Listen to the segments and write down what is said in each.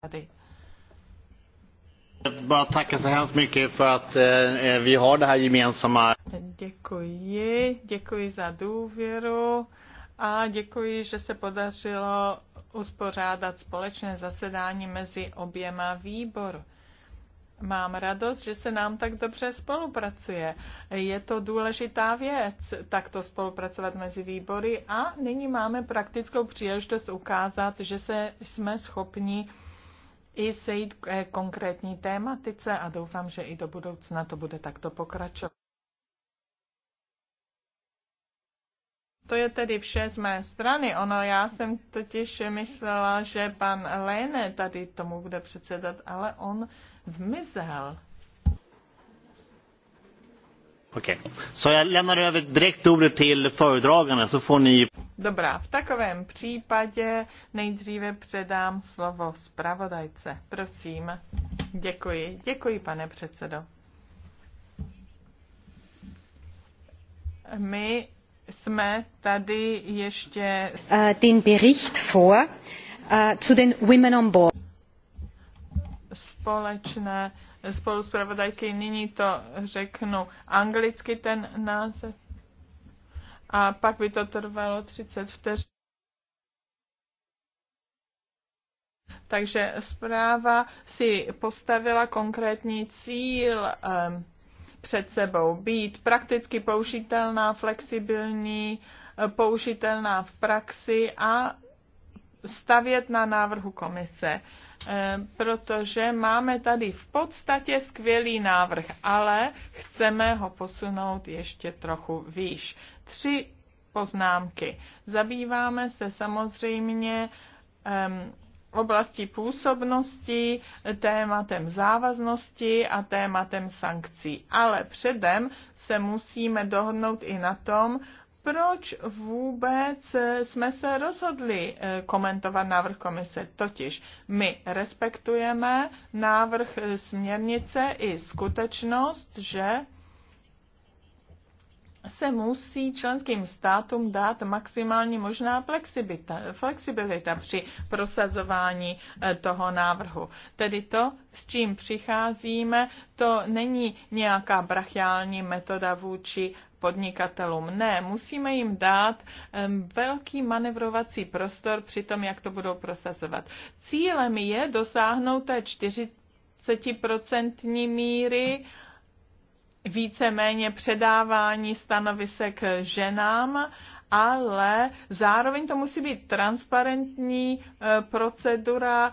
tady. Bara tacka så hemskt mycket för att eh, eh, vi har det här gemensamma. Děkuji, děkuji za důvěru a děkuji, že se podařilo uspořádat společné zasedání mezi oběma výboru. Mám radost, že se nám tak dobře spolupracuje. Je to důležitá věc, takto spolupracovat mezi výbory a nyní máme praktickou příležitost ukázat, že se, jsme schopni i sejít k eh, konkrétní tématice a doufám, že i do budoucna to bude takto pokračovat. To je tedy vše z mé strany. Ono, já jsem totiž myslela, že pan Léne tady tomu bude předsedat, ale on zmizel. Okay. Så jag lämnar över direkt ordet till så får ni... Dobrá, v takovém případě nejdříve předám slovo zpravodajce. Prosím. Děkuji, děkuji pane předsedo. My jsme tady ještě... Uh, den Bericht vor uh, zu den Women on Board. Společné spolu s Nyní to řeknu anglicky ten název. A pak by to trvalo 30 vteřin. Takže zpráva si postavila konkrétní cíl ehm, před sebou. Být prakticky použitelná, flexibilní, eh, použitelná v praxi a stavět na návrhu komise. Eh, protože máme tady v podstatě skvělý návrh, ale chceme ho posunout ještě trochu výš. Tři poznámky. Zabýváme se samozřejmě oblasti působnosti, tématem závaznosti a tématem sankcí. Ale předem se musíme dohodnout i na tom, proč vůbec jsme se rozhodli eh, komentovat návrh komise. Totiž my respektujeme návrh eh, směrnice i skutečnost, že se musí členským státům dát maximální možná flexibilita, flexibilita při prosazování eh, toho návrhu. Tedy to, s čím přicházíme, to není nějaká brachiální metoda vůči podnikatelům. Ne, musíme jim dát velký manevrovací prostor při tom, jak to budou prosazovat. Cílem je dosáhnout té 40% míry víceméně předávání stanovisek ženám, ale zároveň to musí být transparentní eh, procedura eh,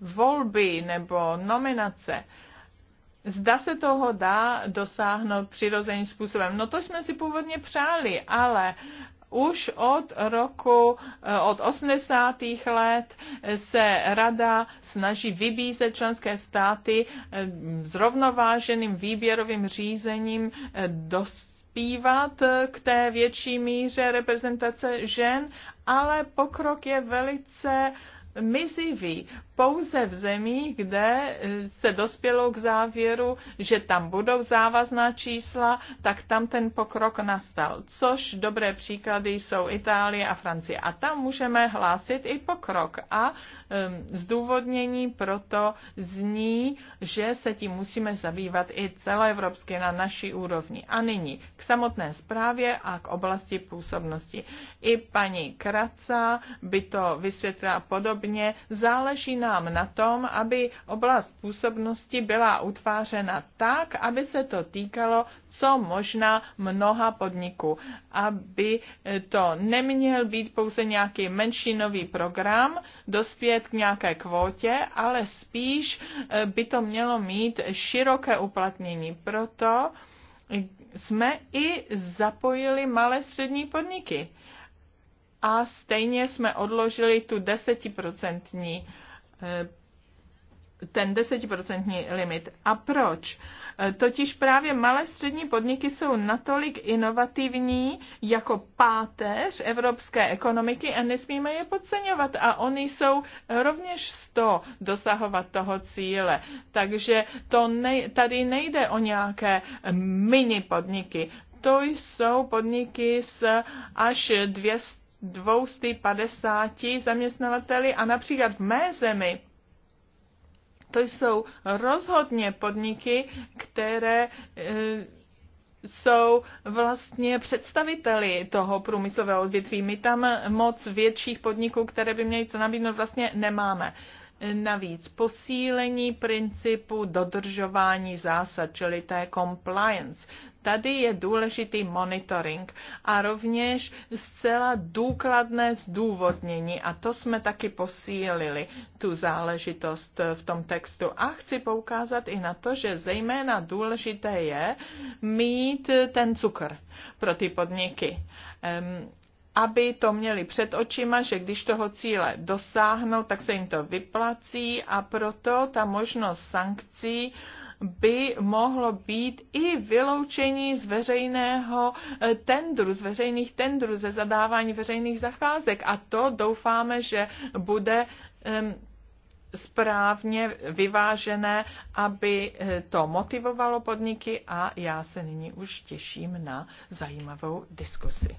volby nebo nominace. Zda se toho dá dosáhnout přirozeným způsobem. No to jsme si původně přáli, ale už od roku, eh, od 80. let se rada snaží vybízet členské státy eh, zrovnováženým výběrovým řízením eh, dost k té větší míře reprezentace žen, ale pokrok je velice mizivý pouze v zemích, kde eh, se dospělo k závěru, že tam budou závazná čísla, tak tam ten pokrok nastal. Což dobré příklady jsou Itálie a Francie. A tam můžeme hlásit i pokrok. A um, zdůvodnění proto zní, že se tím musíme zabývat i celoevropsky na naší úrovni. A nyní k samotné zprávě a k oblasti působnosti. I paní Kraca by to vysvětlila podobně. Záleží na nám na tom, aby oblast působnosti byla utvářena tak, aby se to týkalo co možná mnoha podniků, aby to neměl být pouze nějaký menšinový program, dospět k nějaké kvótě, ale spíš eh, by to mělo mít široké uplatnění. Proto jsme i zapojili malé střední podniky a stejně jsme odložili tu desetiprocentní Eh, ten desetiprocentní limit. A proč? Eh, totiž právě malé střední podniky jsou natolik inovativní jako páteř evropské ekonomiky a nesmíme je podceňovat. A oni jsou rovněž z to dosahovat toho cíle. Takže to nej, tady nejde o nějaké mini podniky. To jsou podniky s až 200 250 zaměstnavateli a například v mé zemi to jsou rozhodně podniky, které e, jsou vlastně představiteli toho průmyslového odvětví. My tam moc větších podniků, které by měly co nabídnout, vlastně nemáme navíc posílení principu dodržování zásad, čili té compliance. Tady je důležitý monitoring a rovněž zcela důkladné zdůvodnění a to jsme taky posílili, tu záležitost v tom textu. A chci poukázat i na to, že zejména důležité je mít ten cukr pro ty podniky aby to měli před očima, že když toho cíle dosáhnou, tak se jim to vyplací a proto ta možnost sankcí by mohlo být i vyloučení z veřejného eh, tendru, z veřejných tendrů, ze zadávání veřejných zacházek. A to doufáme, že bude správně vyvážené, aby eh, to motivovalo podniky a já se nyní už těším na zajímavou diskusi.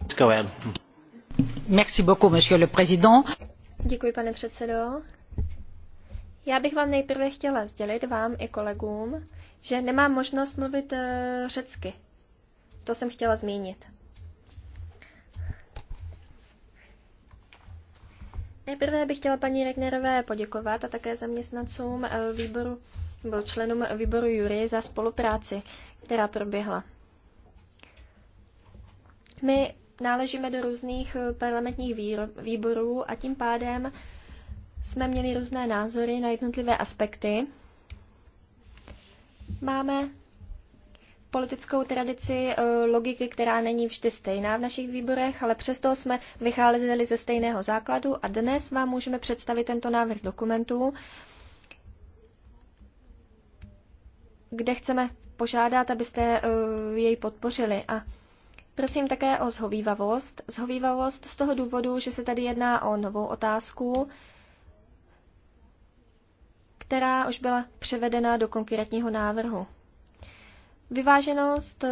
Děkuji, pane předsedo. Já bych vám nejprve chtěla sdělit vám i kolegům, že nemám možnost mluvit eh, řecky. To jsem chtěla zmínit. Nejprve bych chtěla paní Regnerové poděkovat a také zaměstnancům eh, výboru, nebo členům výboru Jury za spolupráci, která proběhla. My náležíme do různých eh, parlamentních výborů a tím pádem jsme měli různé názory na jednotlivé aspekty. Máme politickou tradici eh, logiky, která není vždy stejná v našich výborech, ale přesto jsme vycházeli ze stejného základu a dnes vám můžeme představit tento návrh dokumentů, kde chceme požádat, abyste eh, jej podpořili. A Prosím také o zhovývavost. Zhovývavost z toho důvodu, že se tady jedná o novou otázku, která už byla převedena do konkrétního návrhu. Vyváženost eh,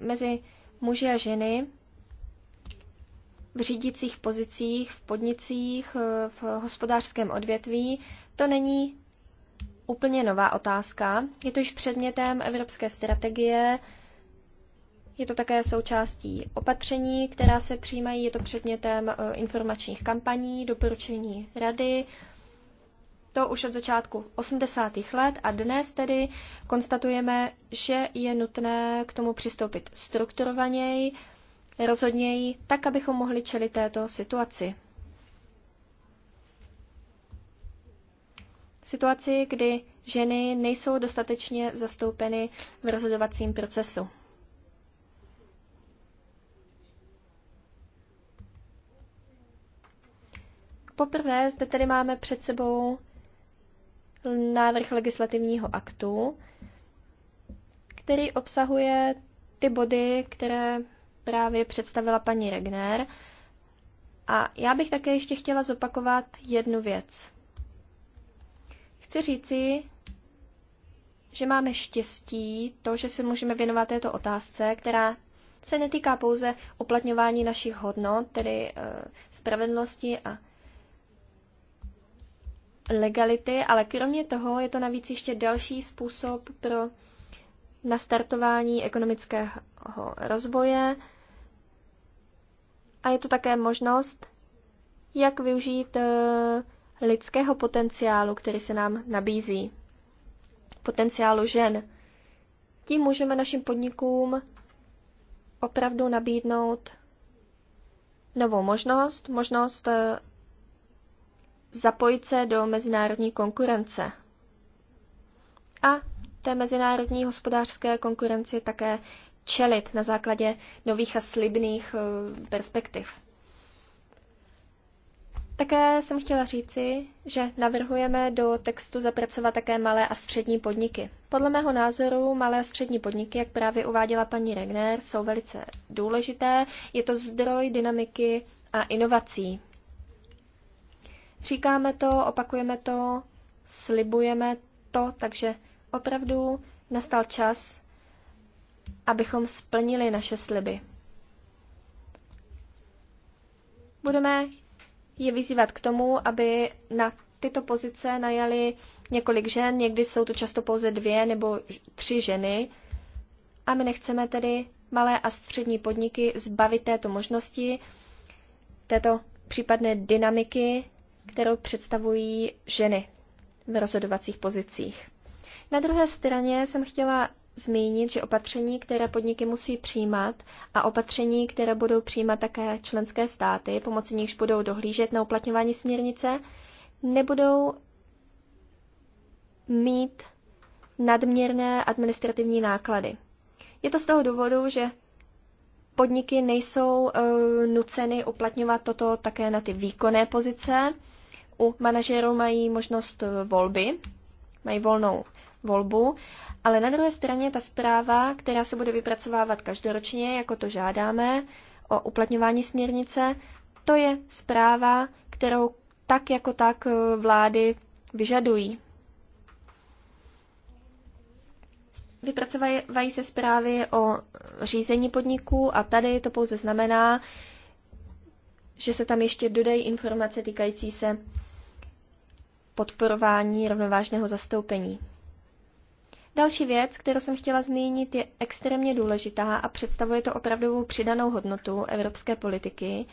mezi muži a ženy v řídících pozicích, v podnicích, eh, v hospodářském odvětví, to není úplně nová otázka. Je to již předmětem evropské strategie je to také součástí opatření, která se přijímají, je to předmětem eh, informačních kampaní, doporučení rady. To už od začátku 80. let a dnes tedy konstatujeme, že je nutné k tomu přistoupit strukturovaněji, rozhodněji, tak, abychom mohli čelit této situaci. Situaci, kdy ženy nejsou dostatečně zastoupeny v rozhodovacím procesu. Poprvé zde tedy máme před sebou návrh legislativního aktu, který obsahuje ty body, které právě představila paní Regner. A já bych také ještě chtěla zopakovat jednu věc. Chci říci, že máme štěstí to, že se můžeme věnovat této otázce, která se netýká pouze uplatňování našich hodnot, tedy e, spravedlnosti a legality, ale kromě toho je to navíc ještě další způsob pro nastartování ekonomického rozvoje a je to také možnost, jak využít eh, lidského potenciálu, který se nám nabízí, potenciálu žen. Tím můžeme našim podnikům opravdu nabídnout novou možnost, možnost eh, zapojit se do mezinárodní konkurence. A té mezinárodní hospodářské konkurenci také čelit na základě nových a slibných eh, perspektiv. Také jsem chtěla říci, že navrhujeme do textu zapracovat také malé a střední podniky. Podle mého názoru malé a střední podniky, jak právě uváděla paní Regner, jsou velice důležité. Je to zdroj dynamiky a inovací Říkáme to, opakujeme to, slibujeme to, takže opravdu nastal čas, abychom splnili naše sliby. Budeme je vyzývat k tomu, aby na tyto pozice najali několik žen, někdy jsou to často pouze dvě nebo tři ženy. A my nechceme tedy malé a střední podniky zbavit této možnosti, této případné dynamiky kterou představují ženy v rozhodovacích pozicích. Na druhé straně jsem chtěla zmínit, že opatření, které podniky musí přijímat a opatření, které budou přijímat také členské státy, pomocí nichž budou dohlížet na uplatňování směrnice, nebudou mít nadměrné administrativní náklady. Je to z toho důvodu, že podniky nejsou eh, nuceny uplatňovat toto také na ty výkonné pozice. U manažerů mají možnost eh, volby, mají volnou volbu, ale na druhé straně ta zpráva, která se bude vypracovávat každoročně, jako to žádáme, o uplatňování směrnice, to je zpráva, kterou tak jako tak eh, vlády vyžadují. vypracovají se zprávy o řízení podniků a tady to pouze znamená, že se tam ještě dodají informace týkající se podporování rovnovážného zastoupení. Další věc, kterou jsem chtěla zmínit, je extrémně důležitá a představuje to opravdovou přidanou hodnotu evropské politiky,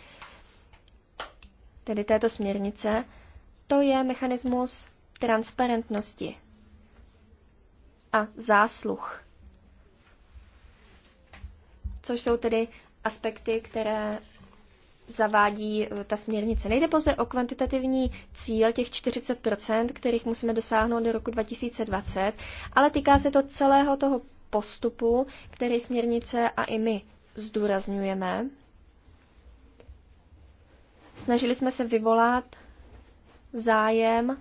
tedy této směrnice, to je mechanismus transparentnosti a zásluh. Což jsou tedy aspekty, které zavádí eh, ta směrnice. Nejde pouze o kvantitativní cíl těch 40%, kterých musíme dosáhnout do roku 2020, ale týká se to celého toho postupu, který směrnice a i my zdůrazňujeme. Snažili jsme se vyvolat zájem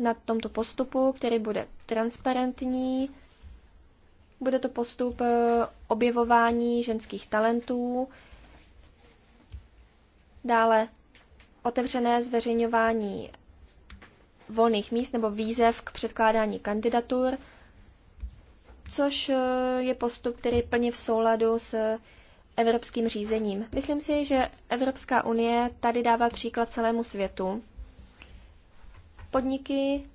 na tomto postupu, který bude transparentní. Bude to postup eh, objevování ženských talentů, dále otevřené zveřejňování volných míst nebo výzev k předkládání kandidatur, což eh, je postup, který je plně v souladu s evropským řízením. Myslím si, že Evropská unie tady dává příklad celému světu podniky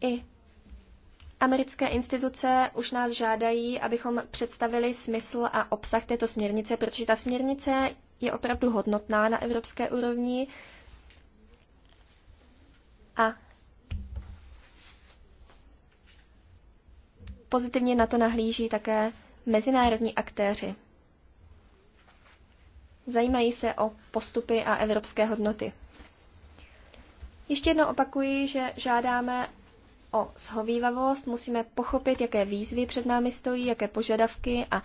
i americké instituce už nás žádají, abychom představili smysl a obsah této směrnice, protože ta směrnice je opravdu hodnotná na evropské úrovni a pozitivně na to nahlíží také mezinárodní aktéři. Zajímají se o postupy a evropské hodnoty. Ještě jednou opakuji, že žádáme o shovívavost, musíme pochopit, jaké výzvy před námi stojí, jaké požadavky a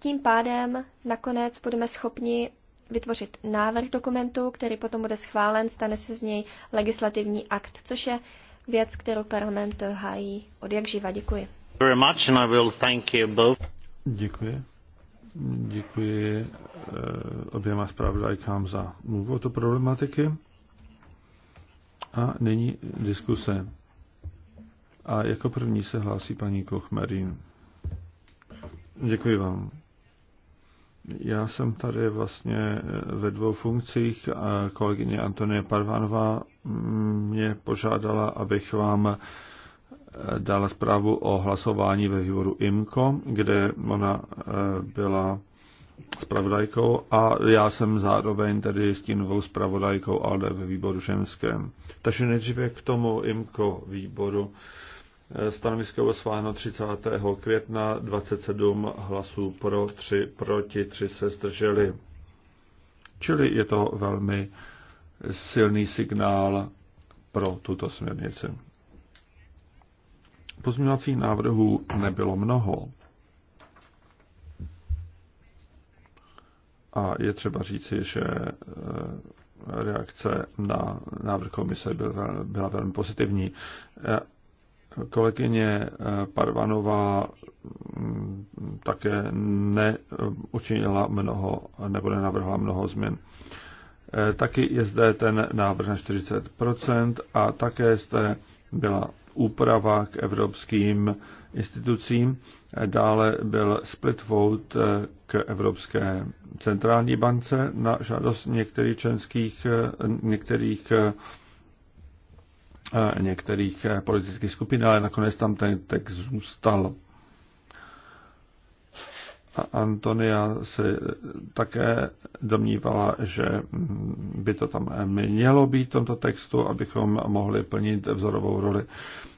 tím pádem nakonec budeme schopni vytvořit návrh dokumentu, který potom bude schválen, stane se z něj legislativní akt, což je věc, kterou parlament hájí od jak živa. Děkuji. Děkuji. Děkuji eh, oběma zpravodajkám za mluvu o to problematiky. A nyní diskuse. A jako první se hlásí paní Kochmerin. Děkuji vám. Já jsem tady vlastně eh, ve dvou funkcích. Kolegyně Antonie Parvanová mm, mě požádala, abych vám dala zprávu o hlasování ve výboru IMCO, kde ona e, byla spravodajkou a já jsem zároveň tedy novou spravodajkou ALDE ve výboru ženském. Takže nejdříve k tomu IMCO výboru. E, stanovisko bylo sváno 30. května, 27 hlasů pro, 3 proti, 3 se zdrželi. Čili je to velmi silný signál pro tuto směrnici. Pozměňovacích návrhů nebylo mnoho. A je třeba říci, že e, reakce na návrh komise byla velmi pozitivní. E, kolegyně e, Parvanová mm, také neučinila mnoho nebo nenavrhla mnoho změn. Taky je zde ten návrh na 40 a také zde byla úprava k evropským institucím. Dále byl split vote eh, k Evropské centrální bance na žádost některých členských, eh, některých eh, některých politických skupin, ale nakonec tam ten text zůstal. Antonia se také domnívala, že by to tam mělo být v tomto textu, abychom mohli plnit vzorovou roli.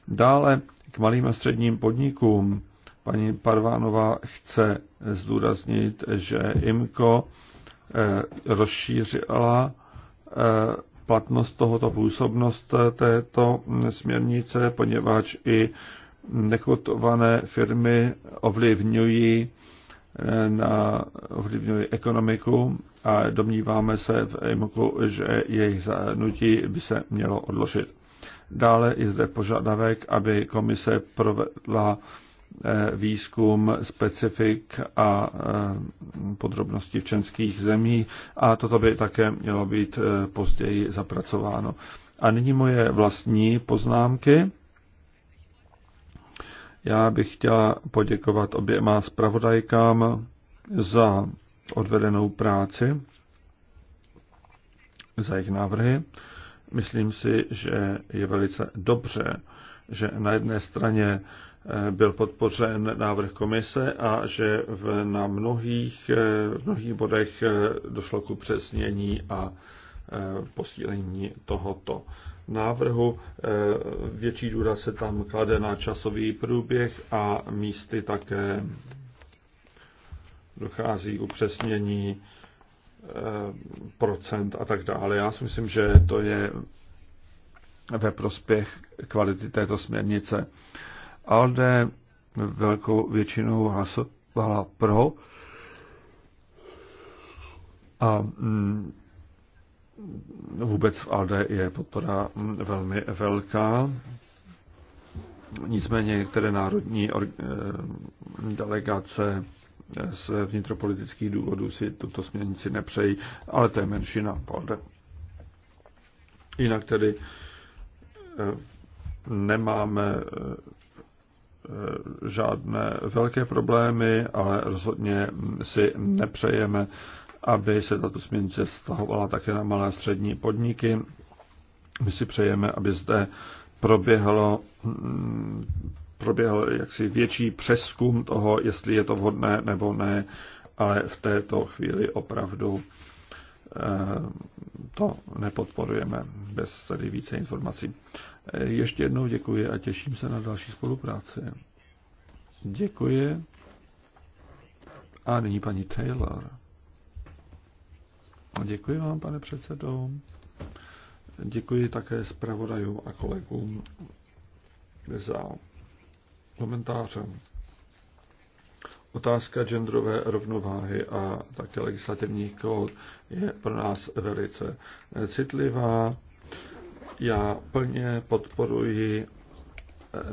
Dále k malým a středním podnikům. Paní Parvánová chce zdůraznit, že IMCO eh, rozšířila eh, platnost tohoto působnost této směrnice, poněvadž i nekotované firmy ovlivňují na, ovlivňují ekonomiku a domníváme se v EMOKu, že jejich zahrnutí by se mělo odložit. Dále je zde požadavek, aby komise provedla eh, výzkum specifik a eh, podrobností v členských zemí a toto by také mělo být eh, později zapracováno. A nyní moje vlastní poznámky. Já bych chtěla poděkovat oběma zpravodajkám za odvedenou práci, za jejich návrhy. Myslím si, že je velice dobře, že na jedné straně eh, byl podpořen návrh komise a že v, na mnohých, eh, v mnohých bodech eh, došlo k upřesnění a posílení tohoto návrhu. Eh, větší důraz se tam klade na časový průběh a místy také dochází k upřesnění eh, procent a tak dále. Já si myslím, že to je ve prospěch kvality této směrnice. ALDE velkou většinou hlasovala pro a mm, vůbec v ALDE je podpora velmi velká. Nicméně některé národní eh, delegace z vnitropolitických důvodů si tuto směrnici nepřejí, ale to je menšina v ALDE. Jinak tedy eh, nemáme eh, žádné velké problémy, ale rozhodně si nepřejeme aby se tato směrnice stahovala také na malé a střední podniky. My si přejeme, aby zde proběhlo, mm, proběhl jaksi větší přeskum toho, jestli je to vhodné nebo ne, ale v této chvíli opravdu eh, to nepodporujeme bez tady více informací. Eh, ještě jednou děkuji a těším se na další spolupráci. Děkuji. A nyní paní Taylor. Děkuji vám, pane předsedo. Děkuji také zpravodajům a kolegům za komentáře. Otázka genderové rovnováhy a také legislativních kód je pro nás velice citlivá. Já plně podporuji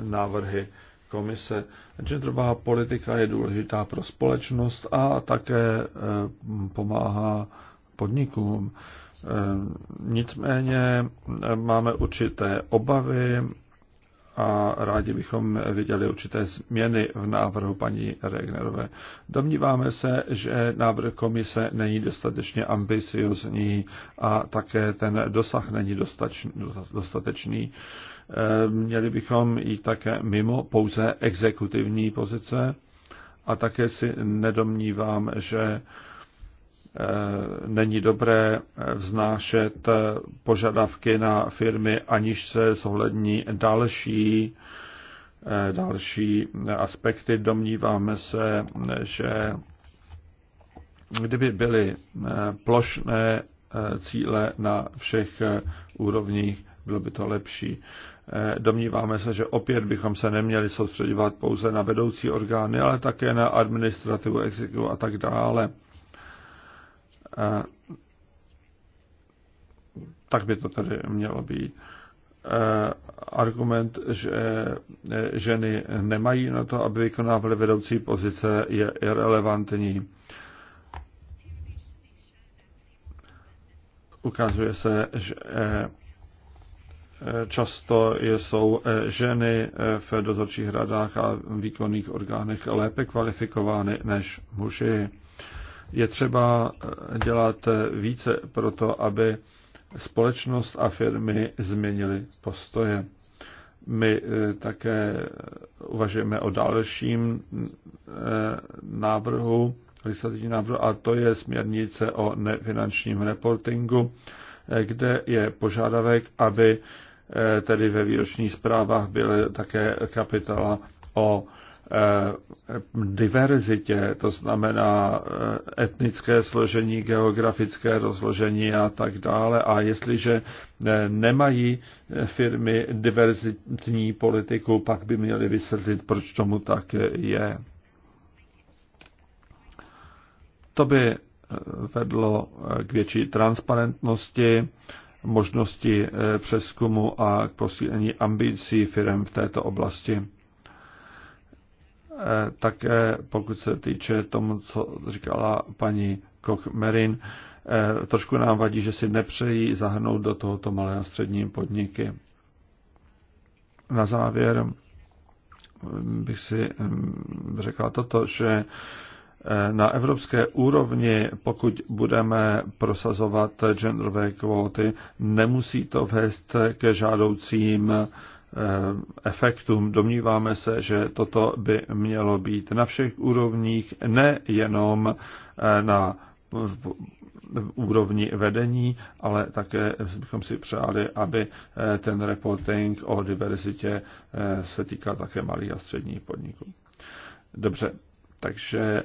návrhy komise. Genderová politika je důležitá pro společnost a také eh, pomáhá podnikům. Eh, nicméně eh, máme určité obavy a rádi bychom viděli určité změny v návrhu paní Regnerové. Domníváme se, že návrh komise není dostatečně ambiciozní a také ten dosah není dostatečný. Eh, měli bychom jít také mimo pouze exekutivní pozice a také si nedomnívám, že Eh, není dobré vznášet požadavky na firmy, aniž se zohlední další, eh, další aspekty. Domníváme se, že kdyby byly eh, plošné cíle na všech úrovních, bylo by to lepší. Domníváme se, že opět bychom se neměli soustředovat pouze na vedoucí orgány, ale také na administrativu, exekutivu a tak dále. Eh, tak by to tady mělo být. Eh, argument, že eh, ženy nemají na to, aby vykonávaly vedoucí pozice, je irrelevantní. Ukazuje se, že často jsou ženy v dozorčích radách a výkonných orgánech lépe kvalifikovány než muži. Je třeba dělat více pro to, aby společnost a firmy změnily postoje. My eh, také uvažujeme o dalším eh, návrhu, legislativní návrhu, a to je směrnice o nefinančním reportingu, eh, kde je požadavek, aby tedy ve výročních zprávách byly také kapitala o Eh, diverzitě, to znamená eh, etnické složení, geografické rozložení a tak dále. A jestliže eh, nemají firmy diverzitní politiku, pak by měli vysvětlit, proč tomu tak je. To by vedlo k větší transparentnosti, možnosti přeskumu a k posílení ambicí firm v této oblasti. Eh, také pokud se týče tomu, co říkala paní Koch-Merin, eh, trošku nám vadí, že si nepřejí zahrnout do tohoto malé a střední podniky. Na závěr bych si mm, řekla toto, že eh, na evropské úrovni, pokud budeme prosazovat genderové kvóty, nemusí to vést ke žádoucím Eh, efektům. Domníváme se, že toto by mělo být na všech úrovních, nejenom eh, na úrovni vedení, ale také bychom si přáli, aby eh, ten reporting o diverzitě se týkal také malých a středních podniků. Dobře, takže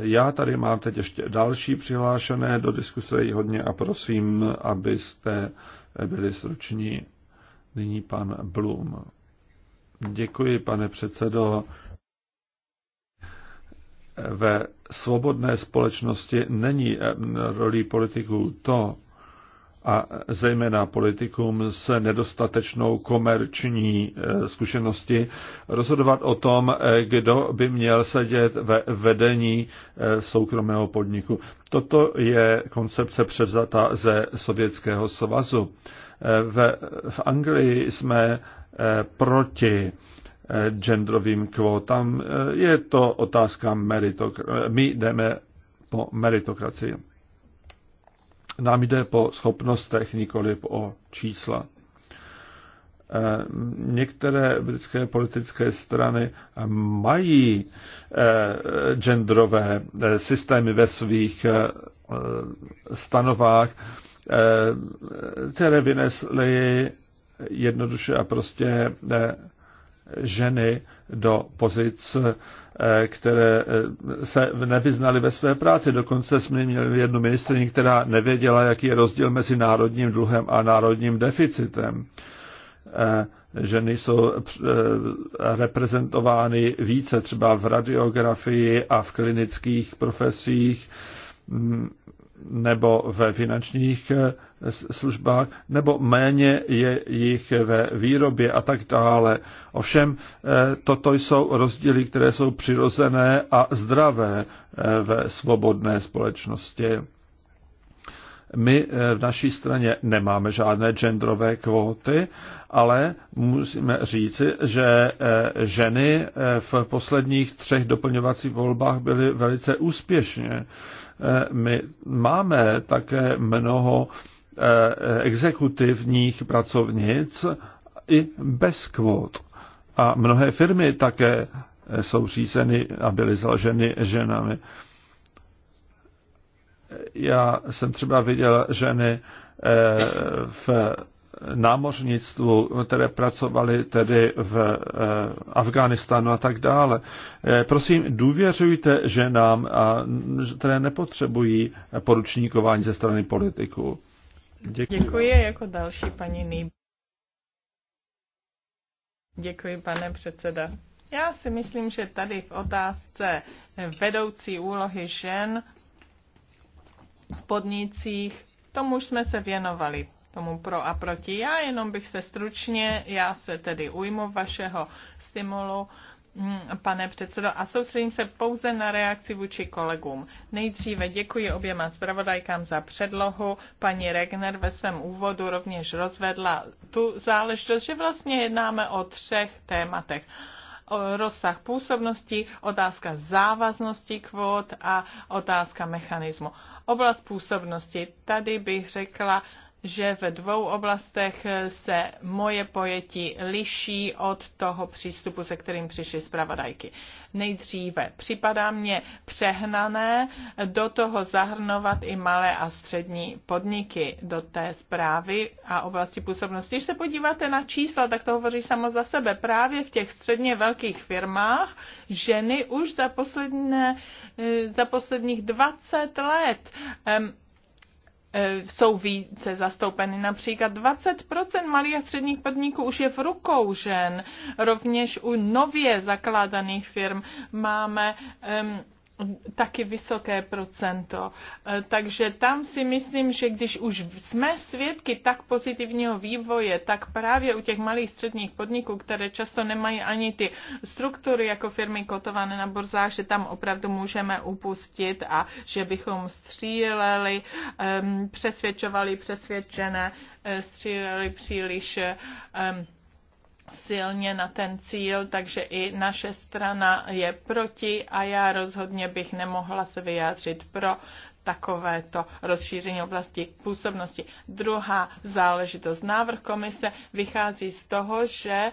já tady mám teď ještě další přihlášené do diskuse hodně a prosím, abyste byli struční. Nyní pan Blum. Děkuji, pane předsedo. Ve svobodné společnosti není eh, rolí politiků to, a zejména politikům s nedostatečnou komerční eh, zkušenosti rozhodovat o tom, eh, kdo by měl sedět ve vedení soukromého podniku. Toto je koncepce převzata ze Sovětského svazu. V, v Anglii jsme eh, proti eh, genderovým kvótám. Eh, je to otázka meritokracie. My jdeme po meritokracii. Nám jde po schopnostech, nikoli o čísla. Některé britské politické strany mají genderové systémy ve svých stanovách, Eh, které vynesly jednoduše a prostě eh, ženy do pozic, eh, které se nevyznaly ve své práci. Dokonce jsme měli jednu ministrní, která nevěděla, jaký je rozdíl mezi národním dluhem a národním deficitem. Ženy jsou reprezentovány více třeba v radiografii a v klinických profesích mm, nebo ve finančních eh, službách, nebo méně je jich ve výrobě a tak dále. Ovšem, eh, toto jsou rozdíly, které jsou přirozené a zdravé eh, ve svobodné společnosti. My v naší straně nemáme žádné genderové kvóty, ale musíme říci, že ženy v posledních třech doplňovacích volbách byly velice úspěšně my máme také mnoho eh, exekutivních pracovnic i bez kvót. A mnohé firmy také eh, jsou řízeny a byly založeny ženami. Já jsem třeba viděl ženy eh, v námořnictvu, které pracovali tedy v eh, Afghánistánu a tak dále. Eh, prosím, důvěřujte ženám, a, které nepotřebují poručníkování ze strany politiků. Děkuji. Děkuji jako další paní Nýb. Děkuji, pane předseda. Já si myslím, že tady v otázce vedoucí úlohy žen v podnicích, tomu už jsme se věnovali tomu pro a proti. Já jenom bych se stručně, já se tedy ujmu vašeho stimulu, mm, pane předsedo, a soustředím se pouze na reakci vůči kolegům. Nejdříve děkuji oběma zpravodajkám za předlohu. Paní Regner ve svém úvodu rovněž rozvedla tu záležitost, že vlastně jednáme o třech tématech rozsah působnosti, otázka závaznosti kvót a otázka mechanismu. Oblast působnosti, tady bych řekla, že ve dvou oblastech se moje pojetí liší od toho přístupu, se kterým přišly zpravodajky. Nejdříve připadá mě přehnané do toho zahrnovat i malé a střední podniky do té zprávy a oblasti působnosti. Když se podíváte na čísla, tak to hovoří samo za sebe. Právě v těch středně velkých firmách ženy už za, za posledních 20 let um, E, jsou více zastoupeny. Například 20% malých a středních podniků už je v rukou žen. Rovněž u nově zakládaných firm máme um, taky vysoké procento. E, takže tam si myslím, že když už jsme svědky tak pozitivního vývoje, tak právě u těch malých středních podniků, které často nemají ani ty struktury jako firmy kotované na borzách, že tam opravdu můžeme upustit a že bychom stříleli, přesvědčovali přesvědčené, e, stříleli příliš silně na ten cíl, takže i naše strana je proti a já rozhodně bych nemohla se vyjádřit pro takovéto rozšíření oblasti působnosti. Druhá záležitost. Návrh komise vychází z toho, že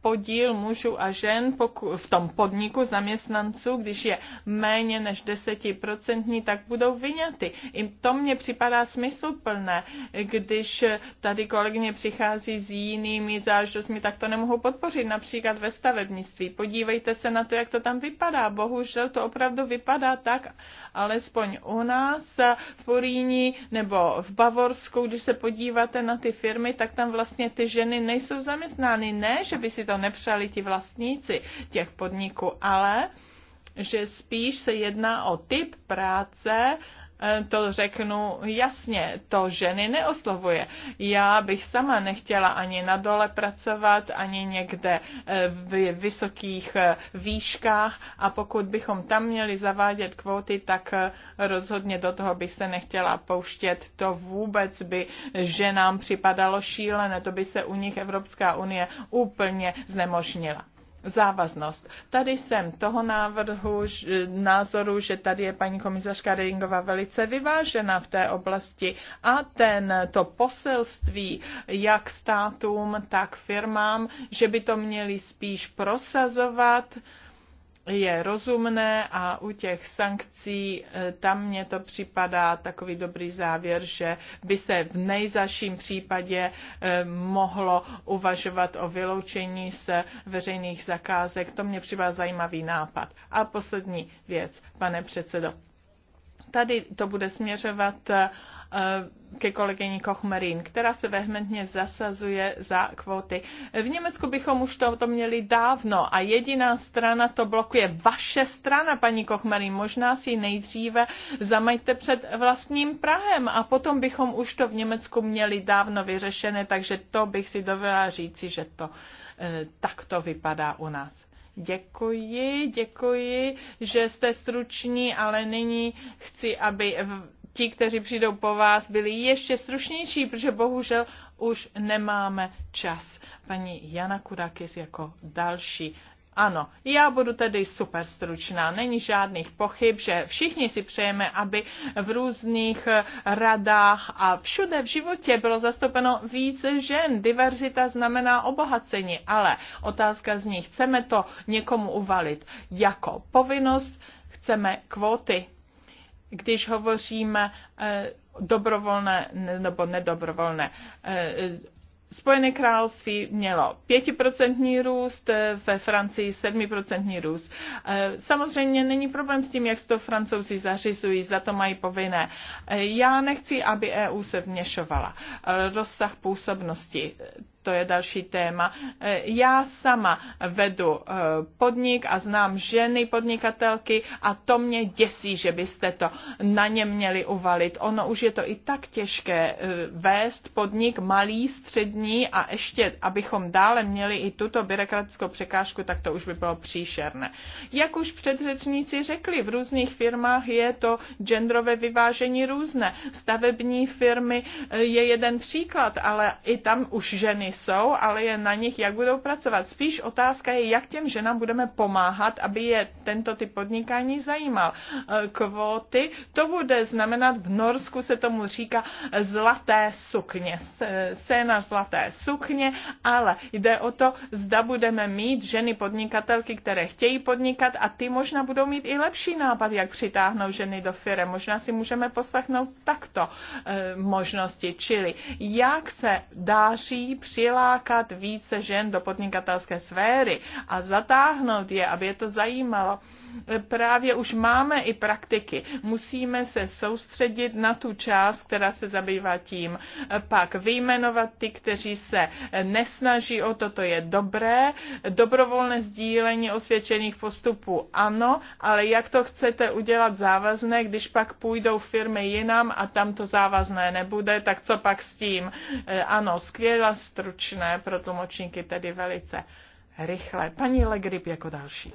podíl mužů a žen v tom podniku zaměstnanců, když je méně než desetiprocentní, tak budou vyňaty. I to mně připadá smysluplné. Když tady kolegyně přichází s jinými záležitostmi, tak to nemohou podpořit, například ve stavebnictví. Podívejte se na to, jak to tam vypadá. Bohužel to opravdu vypadá tak, alespoň u nás v Poríní nebo v Bavorsku, když se podíváte na ty firmy, tak tam vlastně ty ženy nejsou zaměstnány. Ne, že by si to nepřali ti vlastníci těch podniků, ale že spíš se jedná o typ práce, Eh, to řeknu jasně, to ženy neoslovuje. Já bych sama nechtěla ani na dole pracovat, ani někde eh, v vysokých eh, výškách a pokud bychom tam měli zavádět kvóty, tak rozhodně do toho bych se nechtěla pouštět. To vůbec by ženám připadalo šílené, to by se u nich Evropská unie úplně znemožnila závaznost. Tady jsem toho návrhu, názoru, že tady je paní komisařka Reingová velice vyvážena v té oblasti a ten, to poselství jak státům, tak firmám, že by to měli spíš prosazovat, je rozumné a u těch sankcí eh, tam mně to připadá takový dobrý závěr, že by se v nejzaším případě eh, mohlo uvažovat o vyloučení se veřejných zakázek. To mě připadá zajímavý nápad. A poslední věc, pane předsedo tady to bude směřovat eh, ke kolegyni Kochmerin, která se vehementně zasazuje za kvóty. V Německu bychom už to, to měli dávno a jediná strana to blokuje. Vaše strana, paní Kochmerin, možná si nejdříve zamajte před vlastním Prahem a potom bychom už to v Německu měli dávno vyřešené, takže to bych si dovedla říci, že to e, eh, tak to vypadá u nás. Děkuji, děkuji, že jste struční, ale nyní chci, aby ti, kteří přijdou po vás, byli ještě stručnější, protože bohužel už nemáme čas. Paní Jana Kudakis jako další. Ano, já budu tedy super stručná. Není žádných pochyb, že všichni si přejeme, aby v různých radách a všude v životě bylo zastoupeno více žen. Diverzita znamená obohacení, ale otázka z ní, chceme to někomu uvalit jako povinnost, chceme kvóty. Když hovoříme eh, dobrovolné nebo nedobrovolné eh, Spojené království mělo 5% růst, ve Francii 7% růst. Eh, samozřejmě není problém s tím, jak to francouzi zařizují, zda to mají povinné. Eh, já nechci, aby EU se vněšovala. Eh, rozsah působnosti to je další téma. Já sama vedu eh, podnik a znám ženy podnikatelky a to mě děsí, že byste to na ně měli uvalit. Ono už je to i tak těžké eh, vést podnik malý, střední a ještě, abychom dále měli i tuto byrokratickou překážku, tak to už by bylo příšerné. Jak už předřečníci řekli, v různých firmách je to genderové vyvážení různé. Stavební firmy eh, je jeden příklad, ale i tam už ženy jsou, ale je na nich, jak budou pracovat. Spíš otázka je, jak těm ženám budeme pomáhat, aby je tento typ podnikání zajímal. E, kvóty, to bude znamenat, v Norsku se tomu říká zlaté sukně, scéna zlaté sukně, ale jde o to, zda budeme mít ženy podnikatelky, které chtějí podnikat a ty možná budou mít i lepší nápad, jak přitáhnout ženy do firmy. Možná si můžeme poslechnout takto e, možnosti, čili jak se dáří při přilákat více žen do podnikatelské sféry a zatáhnout je, aby je to zajímalo. Právě už máme i praktiky. Musíme se soustředit na tu část, která se zabývá tím. Pak vyjmenovat ty, kteří se nesnaží o to, to je dobré. Dobrovolné sdílení osvědčených postupů ano, ale jak to chcete udělat závazné, když pak půjdou firmy jinam a tam to závazné nebude, tak co pak s tím? Eh, ano, skvělá stručnost stručné pro tlumočníky, tedy velice rychle. Paní Legrip jako další.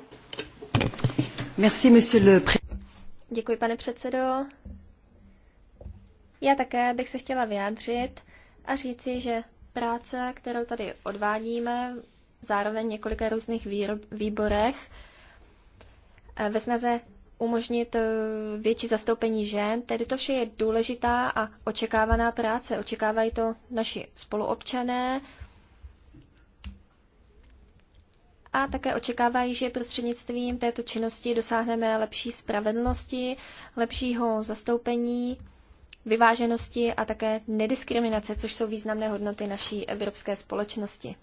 Merci, monsieur le pré... Děkuji, pane předsedo. Já také bych se chtěla vyjádřit a říci, že práce, kterou tady odvádíme, zároveň několika různých výrob, výborech, eh, ve snaze umožnit eh, větší zastoupení žen. Tedy to vše je důležitá a očekávaná práce. Očekávají to naši spoluobčané a také očekávají, že prostřednictvím této činnosti dosáhneme lepší spravedlnosti, lepšího zastoupení, vyváženosti a také nediskriminace, což jsou významné hodnoty naší evropské společnosti.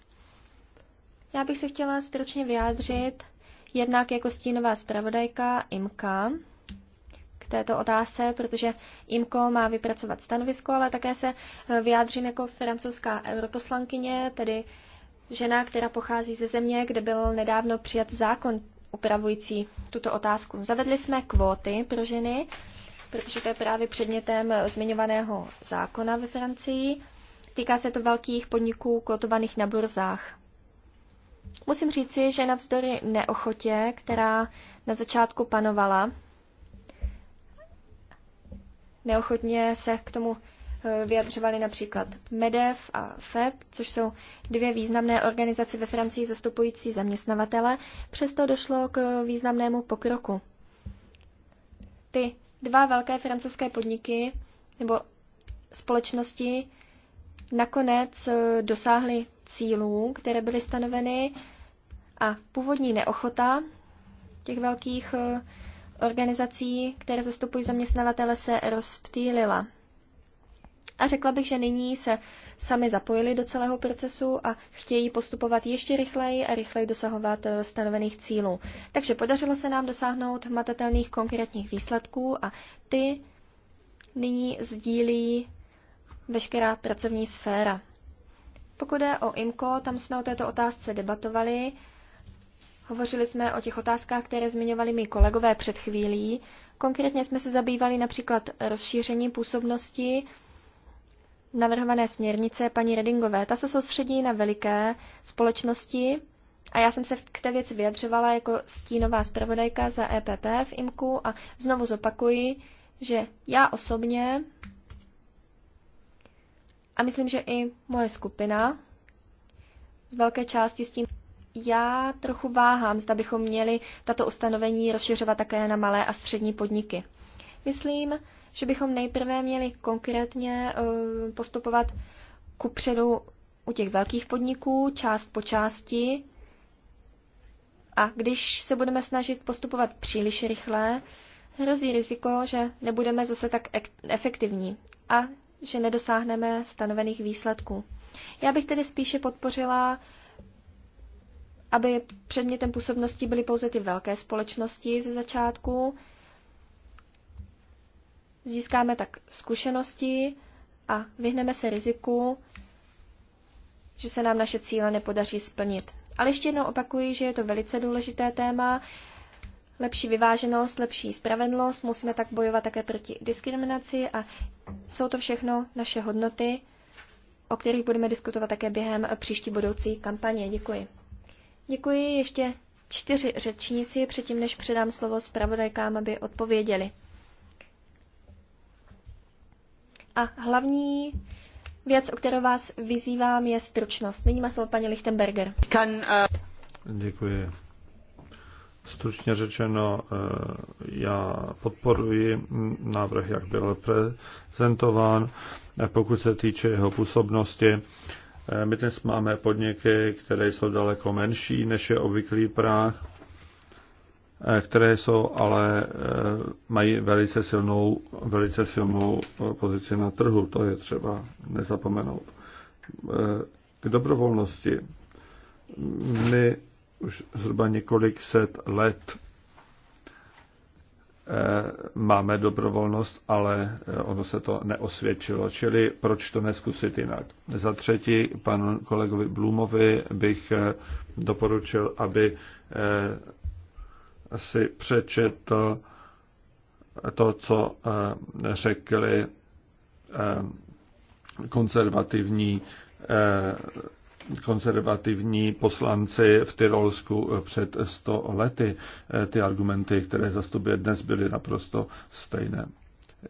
Já bych se chtěla stručně vyjádřit jednak jako stínová zpravodajka IMKA k této otázce, protože IMKO má vypracovat stanovisko, ale také se eh, vyjádřím jako francouzská europoslankyně, tedy žena, která pochází ze země, kde byl nedávno přijat zákon upravující tuto otázku. Zavedli jsme kvóty pro ženy, protože to je právě předmětem eh, zmiňovaného zákona ve Francii. Týká se to velkých podniků kotovaných na burzách. Musím říci, že navzdory neochotě, která na začátku panovala, neochotně se k tomu eh, vyjadřovali například MEDEF a FEB, což jsou dvě významné organizace ve Francii zastupující zaměstnavatele, přesto došlo k eh, významnému pokroku. Ty dva velké francouzské podniky nebo společnosti nakonec eh, dosáhli cílů, které byly stanoveny a původní neochota těch velkých eh, organizací, které zastupují zaměstnavatele, se rozptýlila. A řekla bych, že nyní se sami zapojili do celého procesu a chtějí postupovat ještě rychleji a rychleji dosahovat eh, stanovených cílů. Takže podařilo se nám dosáhnout hmatatelných konkrétních výsledků a ty nyní sdílí veškerá pracovní sféra. Pokud je o IMCO, tam jsme o této otázce debatovali. Hovořili jsme o těch otázkách, které zmiňovali mý kolegové před chvílí. Konkrétně jsme se zabývali například rozšíření působnosti navrhované směrnice paní Redingové. Ta se soustředí na veliké společnosti a já jsem se k té věci vyjadřovala jako stínová zpravodajka za EPP v IMKU a znovu zopakuji, že já osobně a myslím, že i moje skupina z velké části s tím. Já trochu váhám, zda bychom měli tato ustanovení rozšiřovat také na malé a střední podniky. Myslím, že bychom nejprve měli konkrétně eh, postupovat kupředu u těch velkých podniků, část po části. A když se budeme snažit postupovat příliš rychle, hrozí riziko, že nebudeme zase tak efektivní. A že nedosáhneme stanovených výsledků. Já bych tedy spíše podpořila, aby předmětem působnosti byly pouze ty velké společnosti ze začátku. Získáme tak zkušenosti a vyhneme se riziku, že se nám naše cíle nepodaří splnit. Ale ještě jednou opakuji, že je to velice důležité téma, lepší vyváženost, lepší spravedlnost, musíme tak bojovat také proti diskriminaci a jsou to všechno naše hodnoty, o kterých budeme diskutovat také během příští budoucí kampaně. Děkuji. Děkuji ještě čtyři řečníci, předtím než předám slovo zpravodajkám, aby odpověděli. A hlavní věc, o kterou vás vyzývám, je stručnost. Nyní má slovo paní Lichtenberger. Děkuji. Stručně řečeno, eh, já podporuji návrh, jak byl prezentován. Eh, pokud se týče jeho působnosti, eh, my dnes máme podniky, které jsou daleko menší než je obvyklý práh, které jsou ale mají velice silnou, velice silnou pozici na trhu. To je třeba nezapomenout. K dobrovolnosti. My už zhruba několik set let eh, máme dobrovolnost, ale eh, ono se to neosvědčilo. Čili proč to neskusit jinak? Za třetí, panu kolegovi Blumovi bych eh, doporučil, aby si přečetl to, co řekli konzervativní konzervativní poslanci v Tyrolsku před 100 lety. Eh, ty argumenty, které zastupuje dnes, byly naprosto stejné.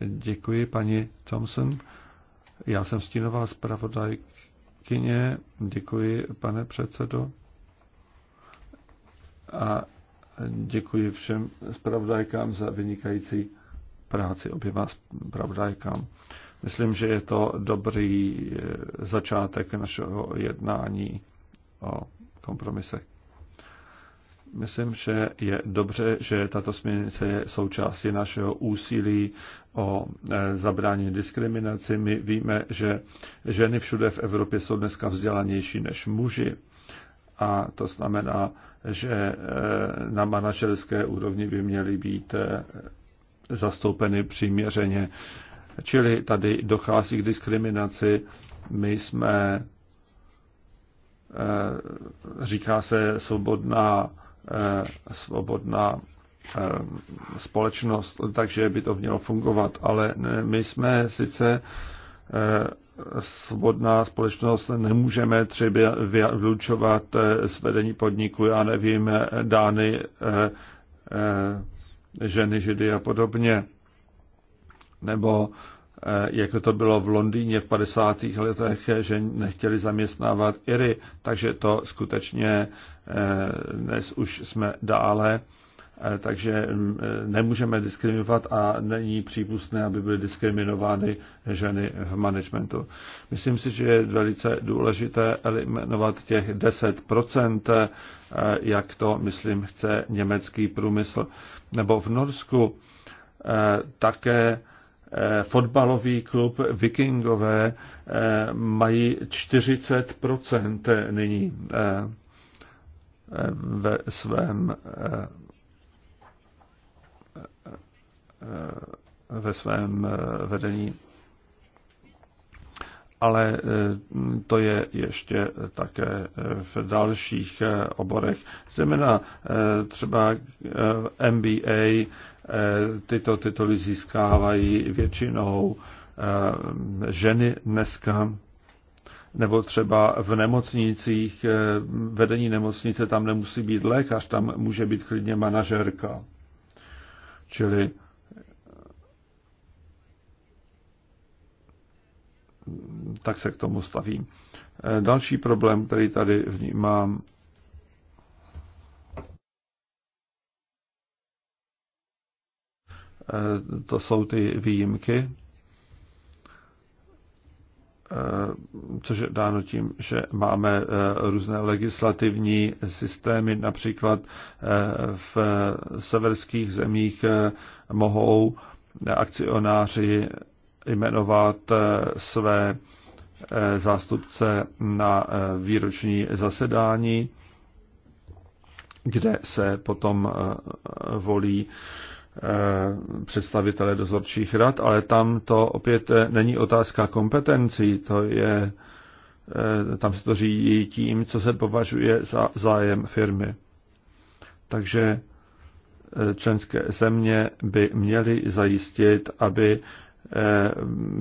Děkuji, paní Thompson. Já jsem stínová zpravodajkyně. Děkuji, pane předsedo. A děkuji všem zpravodajkám za vynikající práci oběma zpravodajkám. Myslím, že je to dobrý eh, začátek našeho jednání o kompromisech. Myslím, že je dobře, že tato směrnice je součástí našeho úsilí o eh, zabrání diskriminaci. My víme, že ženy všude v Evropě jsou dneska vzdělanější než muži. A to znamená, že eh, na manažerské úrovni by měly být zastoupeny přiměřeně. Čili tady dochází k diskriminaci. My jsme, eh, říká se, svobodná, eh, svobodná eh, společnost, takže by to mělo fungovat. Ale my jsme sice svobodná společnost, nemůžeme třeba vylučovat zvedení podniku, já nevím, dány ženy, židy a podobně. Nebo eh, jak to bylo v Londýně v 50. letech, eh, že nechtěli zaměstnávat Iry, takže to skutečně eh, dnes už jsme dále Eh, takže mm, eh, nemůžeme diskriminovat a není přípustné, aby byly diskriminovány ženy v managementu. Myslím si, že je velice důležité eliminovat těch 10%, eh, jak to, myslím, chce německý průmysl. Nebo v Norsku také fotbalový klub Vikingové mají 40% nyní ve svém ve svém eh, vedení. Ale eh, to je ještě také v dalších eh, oborech. Zejména třeba MBA tyto tituly získávají většinou ženy dneska nebo třeba v nemocnicích, vedení nemocnice, tam nemusí být lékař, tam může být klidně manažerka. Čili tak se k tomu stavím. Eh, další problém, který tady vnímám, eh, to jsou ty výjimky, eh, což je dáno tím, že máme různé legislativní systémy, například v severských zemích mohou akcionáři jmenovat eh, své eh, zástupce na eh, výroční zasedání, kde se potom volí představitele dozorčích rad, ale tam to opět není otázka kompetencí, to je, tam se to řídí tím, co se považuje za zájem firmy. Takže členské země by měly zajistit, aby Eh,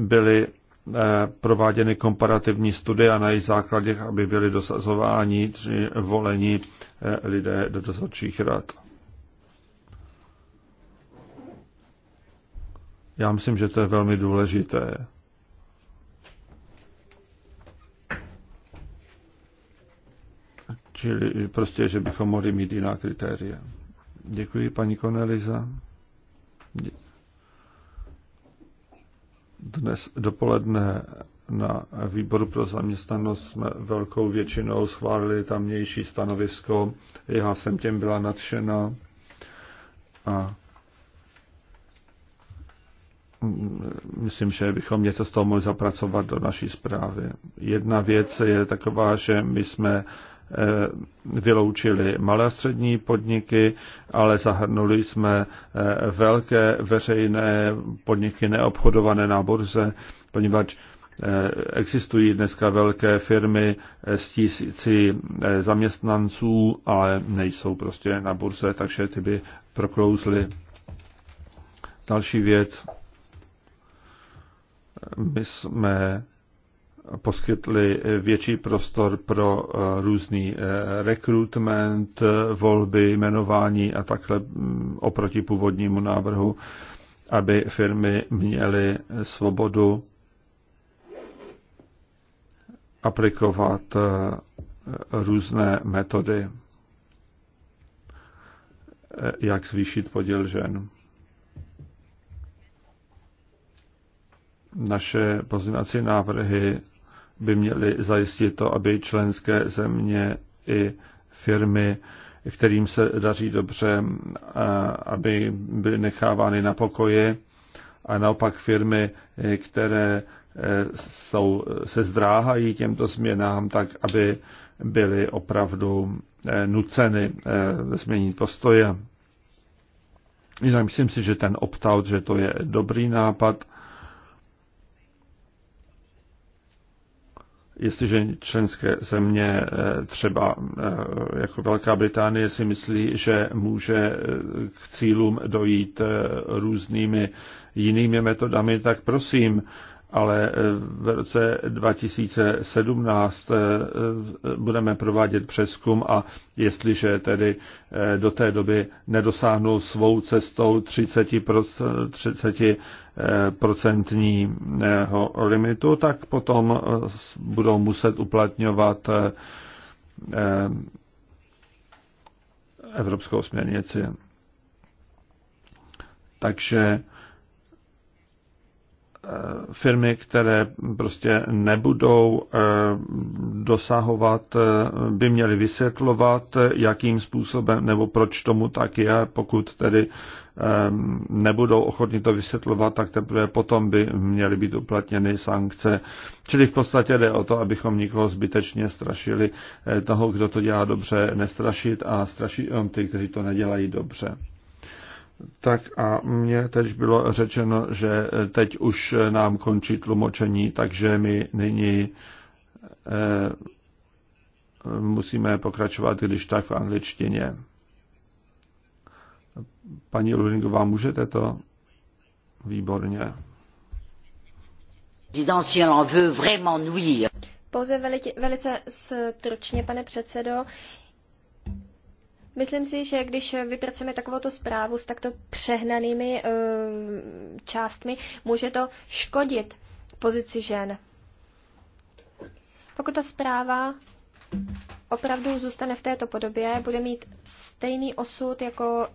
byly eh, prováděny komparativní studie a na jejich základě, aby byly dosazováni či voleni eh, lidé do dozorčích rad. Já myslím, že to je velmi důležité. Čili prostě, že bychom mohli mít jiná kritéria. Děkuji, paní Koneliza. Děkuji. Dnes dopoledne na výboru pro zaměstnanost jsme velkou většinou schválili tamnější stanovisko. Já jsem těm byla nadšena a myslím, že bychom něco z toho mohli zapracovat do naší zprávy. Jedna věc je taková, že my jsme Eh, vyloučili malé a střední podniky, ale zahrnuli jsme eh, velké veřejné podniky neobchodované na burze, poněvadž eh, existují dneska velké firmy s tisíci zaměstnanců, ale nejsou prostě na burze, takže ty by proklouzly. Další věc. My jsme poskytli větší prostor pro eh, různý eh, rekrutment, volby, jmenování a takhle mm, oproti původnímu návrhu, aby firmy měly svobodu aplikovat eh, různé metody, jak zvýšit podíl žen. Naše pozměňovací návrhy by měly zajistit to, aby členské země i firmy, kterým se daří dobře, aby byly nechávány na pokoji a naopak firmy, které e, jsou, se zdráhají těmto změnám, tak aby byly opravdu e, nuceny e, změnit postoje. Jinak myslím si, že ten opt-out, že to je dobrý nápad jestliže členské země eh, třeba eh, jako Velká Británie si myslí, že může eh, k cílům dojít různými jinými metodami, tak prosím, ale eh, v roce 2017 eh, budeme provádět přeskum a jestliže tedy eh, do té doby nedosáhnou svou cestou 30%, 30% limitu, tak potom budou muset uplatňovat evropskou směrnici. Takže Eh, firmy, které prostě nebudou eh, dosahovat, eh, by měly vysvětlovat, jakým způsobem nebo proč tomu tak je. Pokud tedy nebudou ochotni to vysvětlovat, tak teprve potom by měly být uplatněny sankce. Čili v podstatě jde o to, abychom nikoho zbytečně strašili. Toho, kdo to dělá dobře, nestrašit a strašit on ty, kteří to nedělají dobře. Tak a mně tež bylo řečeno, že teď už nám končí tlumočení, takže my nyní e, musíme pokračovat, když tak v angličtině. Paní Luringová, můžete to? Výborně. Pouze velice, velice stručně, pane předsedo. Myslím si, že když vypracujeme takovouto zprávu s takto přehnanými eh, částmi, může to škodit pozici žen. Pokud ta zpráva opravdu zůstane v této podobě, bude mít stejný osud jako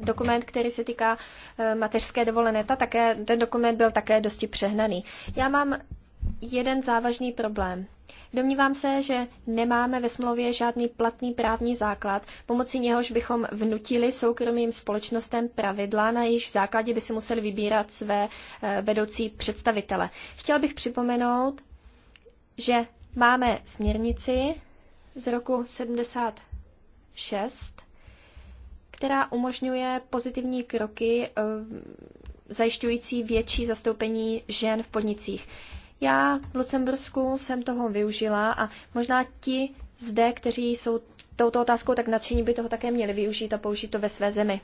dokument, který se týká eh, mateřské dovolené. Ta také, ten dokument byl také dosti přehnaný. Já mám jeden závažný problém. Domnívám se, že nemáme ve smlouvě žádný platný právní základ, pomocí něhož bychom vnutili soukromým společnostem pravidla, na jejich základě by si museli vybírat své eh, vedoucí představitele. Chtěl bych připomenout, že máme směrnici z roku 76, která umožňuje pozitivní kroky eh, zajišťující větší zastoupení žen v podnicích. Já v Lucembursku jsem toho využila a možná ti zde, kteří jsou touto otázkou tak nadšení, by toho také měli využít a použít to ve své zemi.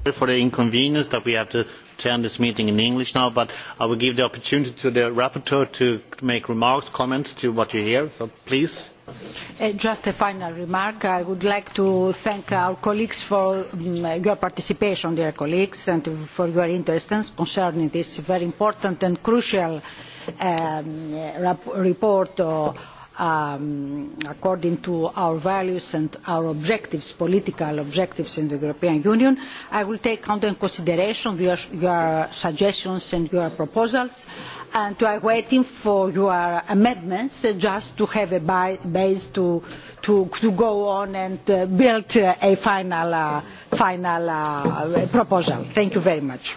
Just a final remark. I would like to thank our colleagues for um, your participation, dear colleagues, and for your interest concerning this very important and crucial uh, um, report uh, um, according to our values and our objectives, political objectives in the European Union. I will take into consideration your, your suggestions and your proposals and we are waiting for your amendments uh, just to have a base to, to, to go on and uh, build a final, uh, final uh, proposal. Thank you very much.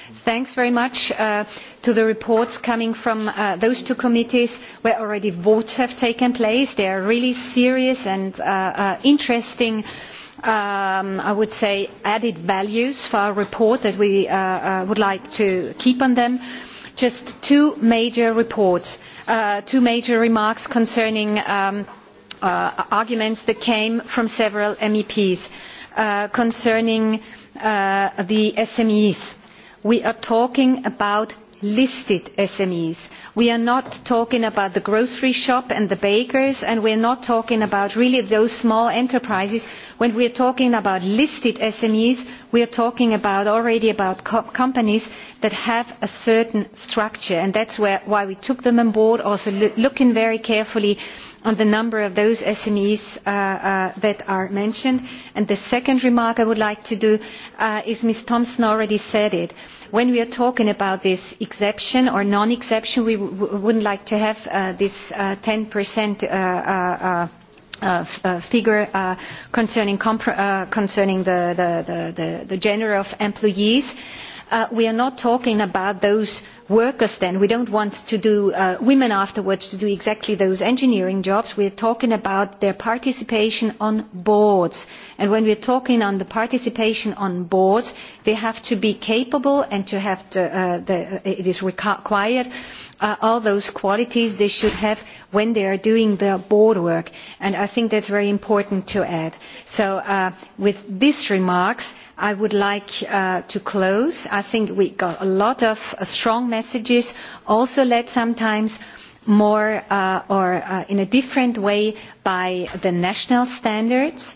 thanks very much uh, to the reports coming from uh, those two committees where already votes have taken place. They are really serious and uh, interesting um, I would say added values for our report that we would like to keep on them. Just two major reports, two major remarks concerning um, arguments that came from several MEPs concerning the SMEs we are talking about listed smes. we are not talking about the grocery shop and the bakers and we are not talking about really those small enterprises. when we are talking about listed smes we are talking about already about companies that have a certain structure and that is why we took them on board also looking very carefully at on the number of those SMEs uh, uh, that are mentioned. And the second remark I would like to do uh, is Ms. Thompson already said it. When we are talking about this exception or non-exception, we w wouldn't like to have uh, this uh, 10% uh, uh, Uh, uh, f uh, figure uh, concerning, uh, concerning the, the, the, the gender of employees Uh, we are not talking about those workers then. We don't want to do uh, women afterwards to do exactly those engineering jobs. We are talking about their participation on boards. And when we are talking on the participation on boards, they have to be capable and to have uh, the, it is required all those qualities they should have when they are doing their board work. And I think that's very important to add. So with these remarks, i would like uh, to close. I think we got a lot of uh, strong messages, also led sometimes more uh, or uh, in a different way by the national standards.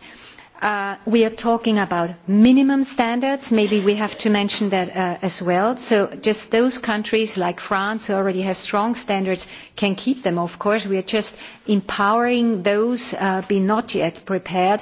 Uh, we are talking about minimum standards. Maybe we have to mention that uh, as well. So just those countries like France who already have strong standards can keep them, of course. We are just empowering those uh, be not yet prepared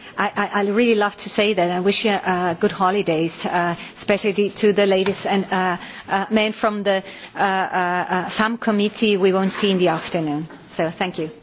i, would really love to say that. I wish you uh, good holidays, uh, especially to the ladies and uh, men from the femm committee we won't see in the afternoon. So thank you.